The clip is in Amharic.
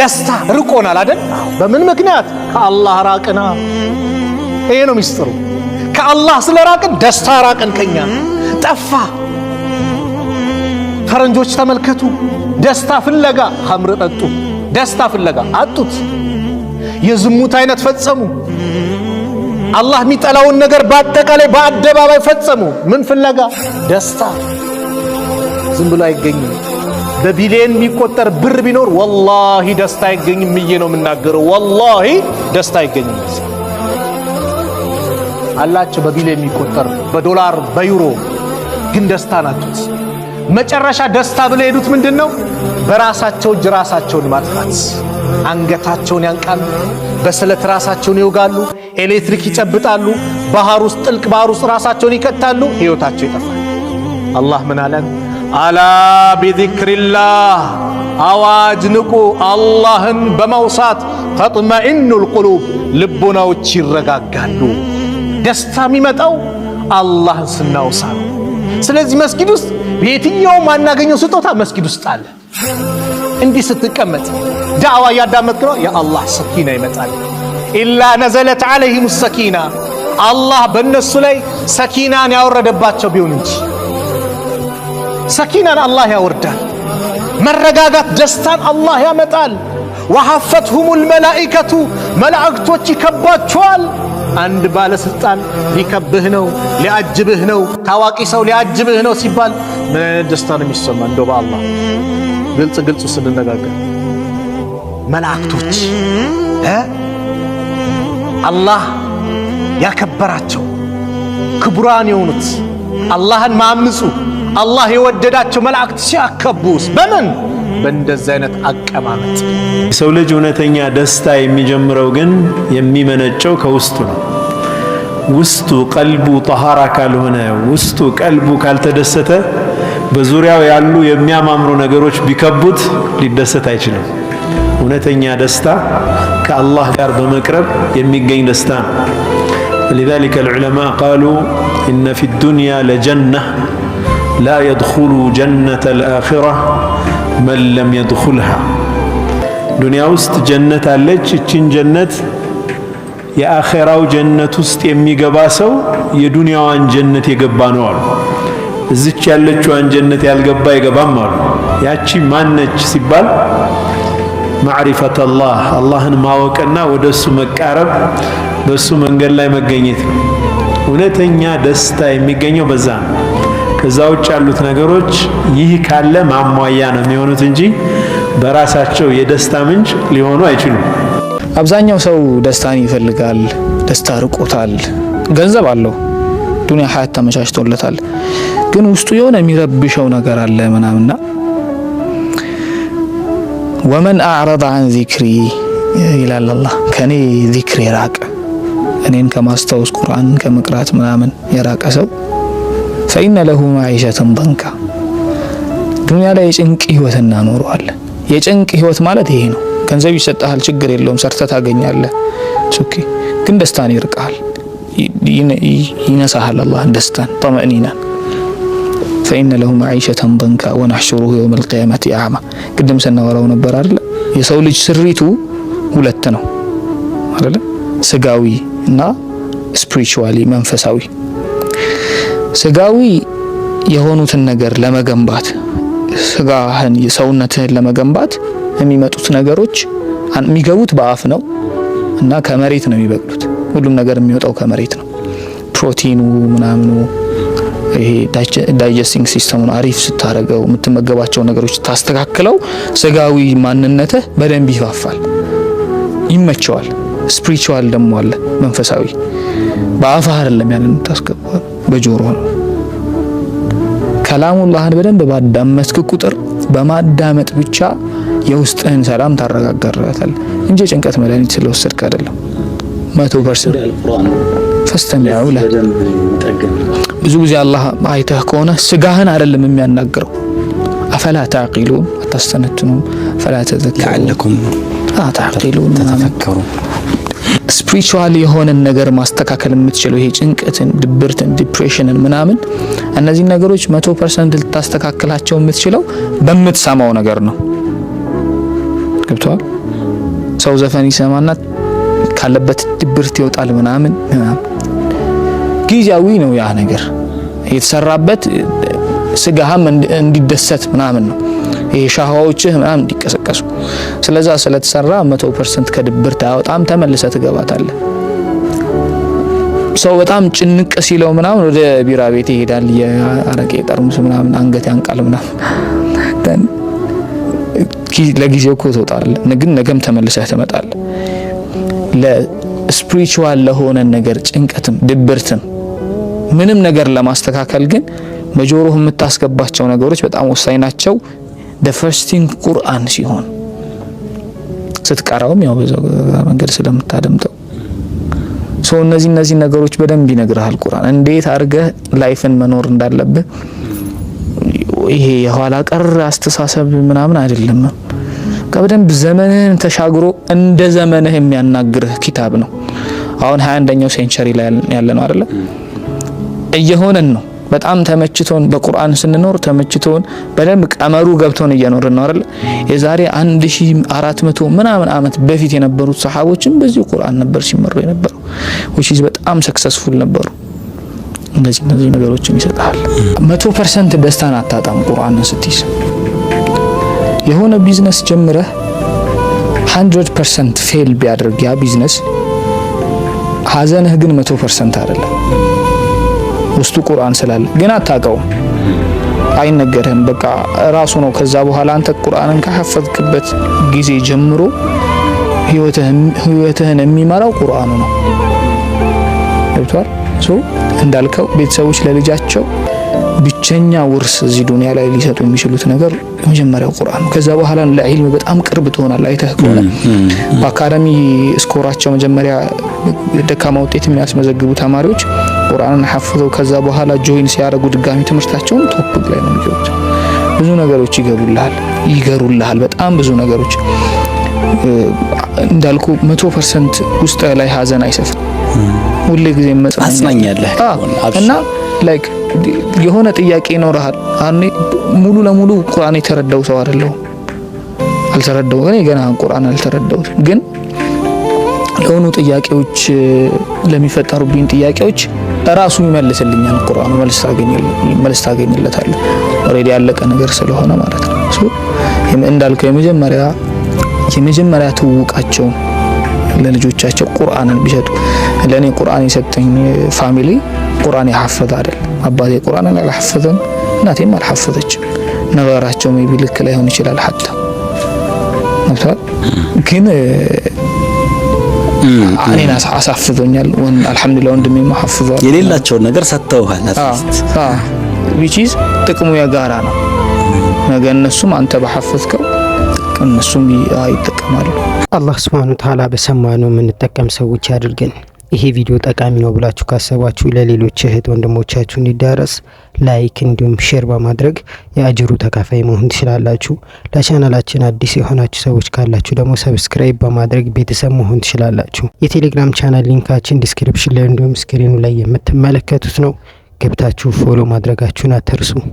ደስታ ርቆናል አይደል? በምን ምክንያት? ከአላህ ራቅና። ይሄ ነው ሚስጥሩ። ከአላህ ስለ ራቅን ደስታ ራቅን፣ ከኛ ጠፋ። ፈረንጆች ተመልከቱ፣ ደስታ ፍለጋ ኸምር ጠጡ፣ ደስታ ፍለጋ አጡት። የዝሙት አይነት ፈጸሙ። አላህ የሚጠላውን ነገር በአጠቃላይ በአደባባይ ፈጸሙ። ምን ፍለጋ? ደስታ ዝም ብሎ አይገኝም። በቢሊየን የሚቆጠር ብር ቢኖር ወላሂ ደስታ አይገኝም ብዬ ነው የምናገረው። ወላሂ ደስታ አይገኝም አላቸው። በቢሊየን የሚቆጠር በዶላር በዩሮ ግን ደስታ ናቸው። መጨረሻ ደስታ ብለው የሄዱት ምንድን ነው? በራሳቸው እጅ ራሳቸውን ማጥፋት። አንገታቸውን ያንቃሉ፣ በስለት ራሳቸውን ይወጋሉ፣ ኤሌክትሪክ ይጨብጣሉ፣ ባህር ውስጥ ጥልቅ ባህር ውስጥ ራሳቸውን ይከታሉ፣ ህይወታቸው ይጠፋል። አላህ ምን አለን? አላ ቢዚክሪላህ አዋጅ ንቁ፣ አላህን በመውሳት ተጥመኢኑ ቁሉብ ልቡናዎች ይረጋጋሉ። ደስታ የሚመጣው አላህን ስናውሳ ነው። ስለዚህ መስጊድ ውስጥ በየትኛውም አናገኘው ስጦታ መስጊድ ውስጥ አለ። እንዲህ ስትቀመጥ ዳዕዋ እያዳመጥክ ነው፣ የአላህ ሰኪና ይመጣል። ኢላ ነዘለት ዓለይህም ሰኪና አላህ በእነሱ ላይ ሰኪናን ያወረደባቸው ቢሆን እንጂ ሰኪናን አላህ ያወርዳል። መረጋጋት፣ ደስታን አላህ ያመጣል። ወሐፈትሁሙል መላኢከቱ መላእክቶች ይከቧቸዋል። አንድ ባለስልጣን ሊከብህ ነው፣ ሊያጅብህ ነው፣ ታዋቂ ሰው ሊያጅብህ ነው ሲባል ምን አይነት ደስታ ነው የሚሰማ? እንደው በአላህ ግልጽ ግልጽ ስንነጋገር መላእክቶች አላህ ያከበራቸው ክቡራን የሆኑት አላህን ማምፁ አላህ የወደዳቸው መላእክት ሲያከቡስ በምን በእንደዚህ አይነት አቀማመጥ። የሰው ልጅ እውነተኛ ደስታ የሚጀምረው ግን የሚመነጨው ከውስጡ ነው። ውስጡ ቀልቡ ጠሃራ ካልሆነ፣ ውስጡ ቀልቡ ካልተደሰተ፣ በዙሪያው ያሉ የሚያማምሩ ነገሮች ቢከቡት ሊደሰት አይችልም። እውነተኛ ደስታ ከአላህ ጋር በመቅረብ የሚገኝ ደስታ ነው። ሊዛሊከ ልዑለማ ቃሉ ኢነ ፊ ዱንያ ለጀና ላ የድኹሉ ጀነተል አኺራ መን ለም የድኹልሃ። ዱንያ ውስጥ ጀነት አለች። እችን ጀነት የአኼራው ጀነት ውስጥ የሚገባ ሰው የዱንያዋን ጀነት የገባ ነው አሉ። እዚች ያለችዋን ጀነት ያልገባ አይገባም አሉ። ያቺ ማነች ሲባል ማዕሪፈት አላህ አላህን ማወቅና ወደ እሱ መቃረብ በእሱ መንገድ ላይ መገኘት ነው። እውነተኛ ደስታ የሚገኘው በዛ ነው። ከዛ ውጭ ያሉት ነገሮች ይህ ካለ ማሟያ ነው የሚሆኑት እንጂ በራሳቸው የደስታ ምንጭ ሊሆኑ አይችሉም። አብዛኛው ሰው ደስታን ይፈልጋል። ደስታ ርቆታል። ገንዘብ አለው፣ ዱንያ ሀያት ተመቻችቶለታል። ግን ውስጡ የሆነ የሚረብሸው ነገር አለ ምናምና ወመን አዕረض አን ዚክሪ ይላል አላህ። ከኔ ዚክር የራቀ እኔን ከማስታወስ ቁርአን ከመቅራት ምናምን የራቀ ሰው ፈኢነ ለሁ ማዒሸተን ደንካ። ዱንያ ላይ የጭንቅ ህይወት እናኖረዋለን። የጭንቅ ህይወት ማለት ይሄ ነው። ገንዘብ ይሰጣሃል፣ ችግር የለውም፣ ሰርተ ታገኛለህ። ሱኪ ግን ደስታን ይርቃል፣ ይነሳሃል። አላህ ደስታን ጠመእኒናን ፈኢነ ለሁ ማዒሸተን ደንካ ወነሕሹሩሁ የውመል ቂያመቲ አዕማ። ቅድም ስናወራው ነበር አይደለ? የሰው ልጅ ስሪቱ ሁለት ነው አይደለ? ስጋዊ እና ስፒሪቹዋሊ መንፈሳዊ ስጋዊ የሆኑትን ነገር ለመገንባት ስጋህን ሰውነትህን ለመገንባት የሚመጡት ነገሮች የሚገቡት በአፍ ነው እና ከመሬት ነው የሚበቅሉት። ሁሉም ነገር የሚወጣው ከመሬት ነው። ፕሮቲኑ ምናምኑ ይሄ ዳይጀስቲንግ ሲስተሙን አሪፍ ስታደርገው የምትመገባቸው ነገሮች ታስተካክለው፣ ስጋዊ ማንነትህ በደንብ ይፋፋል፣ ይመቸዋል። ስፕሪቹዋል ደግሞ አለ መንፈሳዊ። በአፋህ አይደለም ያንን ታስገባል በጆሮ ነው። ከላሙላህን በደንብ ባዳመስክ ቁጥር በማዳመጥ ብቻ የውስጥህን ሰላም ታረጋጋለህ እንጂ የጭንቀት መድኃኒት ስለወሰድክ አይደለም። መቶ ፈስተሚያው ብዙ ጊዜ አላህ አይተህ ከሆነ ስጋህን አይደለም የሚያናግረው። አፈላ ታቂሉን አታስተነትኑም። አፈላ ተዘከሩን ተተፈከሩ ስፒሪቹዋል የሆነን ነገር ማስተካከል የምትችለው ይሄ ጭንቀትን፣ ድብርትን፣ ዲፕሬሽንን ምናምን እነዚህ ነገሮች መቶ ፐርሰንት ልታስተካክላቸው የምትችለው በምትሰማው ነገር ነው። ገብተዋል። ሰው ዘፈን ይሰማና ካለበት ድብርት ይወጣል ምናምን። ጊዜያዊ ነው ያ ነገር የተሰራበት ስጋህም እንዲደሰት ምናምን ነው። ሻህዋዎችህ ምናምን እንዲቀሰቀሱ ስለዛ ስለተሰራ መቶ ፐርሰንት ከድብር ታወጣም ተመልሰ ትገባታለ ሰው በጣም ጭንቅ ሲለው ምናምን ወደ ቢራ ቤት ይሄዳል። የአረቄ ጠርሙስ ምናምን አንገት ያንቃል ምናምን ለጊዜው እኮ ትወጣለህ፣ ግን ነገም ተመልሰህ ትመጣለህ። ለስፒሪቹዋል ለሆነ ነገር ጭንቀትም ድብርትም ምንም ነገር ለማስተካከል ግን በጆሮህ የምታስገባቸው ነገሮች በጣም ወሳኝ ናቸው። ፈርስቲንግ ቁርአን ሲሆን ስትቀራውም ያው በዛ መንገድ ስለምታደምጠው ሰው እነዚህ እነዚህ ነገሮች በደንብ ይነግርሃል። ቁርአን እንዴት አድርገህ ላይፍን መኖር እንዳለብህ ይሄ የኋላ ቀር አስተሳሰብ ምናምን አይደለም። በደንብ ዘመንህን ተሻግሮ እንደ ዘመንህ የሚያናግርህ ኪታብ ነው። አሁን ሀያ አንደኛው ሴንቸሪ ላይ ያለ ነው አይደለ? እየሆነን ነው በጣም ተመችቶን በቁርአን ስንኖር ተመችቶን በደንብ ቀመሩ ገብቶን እየኖርን ነው አይደል? የዛሬ 1400 ምናምን ዓመት በፊት የነበሩት ሰሃቦችም በዚህ ቁርአን ነበር ሲመሩ የነበሩ which is በጣም ሰክሰስፉል ነበሩ። እነዚህ እነዚህ ነገሮችም ይሰጣል። መቶ ፐርሰንት ደስታን አታጣም ቁርአንን ስትይዝ። የሆነ ቢዝነስ ጀምረህ 100 ፐርሰንት ፌል ቢያደርግ ያ ቢዝነስ ሀዘንህ ግን መቶ ፐርሰንት አይደለም። ውስጡ ቁርአን ስላለ ግን አታውቀውም፣ አይነገርህም። በቃ ራሱ ነው። ከዛ በኋላ አንተ ቁርአንን ከሐፈዝክበት ጊዜ ጀምሮ ህይወትህን የሚመራው ቁርአኑ ነው። ገብቷል? እንዳልከው ቤተሰቦች ለልጃቸው ብቸኛ ውርስ እዚህ ዱንያ ላይ ሊሰጡ የሚችሉት ነገር የመጀመሪያው ቁርአን ነው። ከዛ በኋላ ለዒልም በጣም ቅርብ ትሆናል። አይተህ ከሆነ በአካዳሚ ስኮራቸው መጀመሪያ ደካማ ውጤት የሚያስመዘግቡ ተማሪዎች ቁርአንን ሐፍዘው ከዛ በኋላ ጆይን ሲያደርጉ ድጋሚ ትምህርታቸውን ቶፕ ላይ ነው የሚገቡት። ብዙ ነገሮች ይገሩልሃል ይገሩልሃል። በጣም ብዙ ነገሮች እንዳልኩ 100% ውስጥ ላይ ሀዘን አይሰፍም። ሁሌ ጊዜ መጽናኛለህ እና ላይክ የሆነ ጥያቄ ይኖርሃል። አሁን ሙሉ ለሙሉ ቁርአን የተረዳው ሰው አይደለሁም፣ አልተረዳው እኔ ገና ቁርአን አልተረዳው ግን ለሆኑ ጥያቄዎች ለሚፈጠሩብኝ ጥያቄዎች ራሱ ይመልስልኛል። ቁርአኑ መልስ ታገኝለታለህ። ኦልሬዲ ያለቀ ነገር ስለሆነ ማለት ነው። እሱ እንዳልከው የመጀመሪያ የመጀመሪያ ትውውቃቸውን ለልጆቻቸው ቁርአንን ቢሰጡ ለኔ ቁርአን የሰጠኝ ፋሚሊ ቁርአን የሐፈዘ አይደል። አባቴ ቁርአንን አልሐፈዘም፣ እናቴም አልሐፈዘችም። ነገራቸው ቢ ልክ ላይሆን ይችላል ሀታ ግን እኔን አሳፍዞኛል። አልሐምዱሊላህ ወንድሜ ማሐፍዟል። የሌላቸውን ነገር ሰጥተውሃል። ዊችዝ ጥቅሙ የጋራ ነው። ነገ እነሱም አንተ ባሐፈዝከው እነሱም ይጠቀማሉ። አላህ ስብሃነ ወተዓላ በሰማነው የምንጠቀም ሰዎች አድርገን ይሄ ቪዲዮ ጠቃሚ ነው ብላችሁ ካሰባችሁ ለሌሎች እህት ወንድሞቻችሁ እንዲዳረስ ላይክ እንዲሁም ሼር በማድረግ የአጅሩ ተካፋይ መሆን ትችላላችሁ። ለቻናላችን አዲስ የሆናችሁ ሰዎች ካላችሁ ደግሞ ሰብስክራይብ በማድረግ ቤተሰብ መሆን ትችላላችሁ። የቴሌግራም ቻናል ሊንካችን ዲስክሪፕሽን ላይ እንዲሁም ስክሪኑ ላይ የምትመለከቱት ነው። ገብታችሁ ፎሎ ማድረጋችሁን አትርሱ።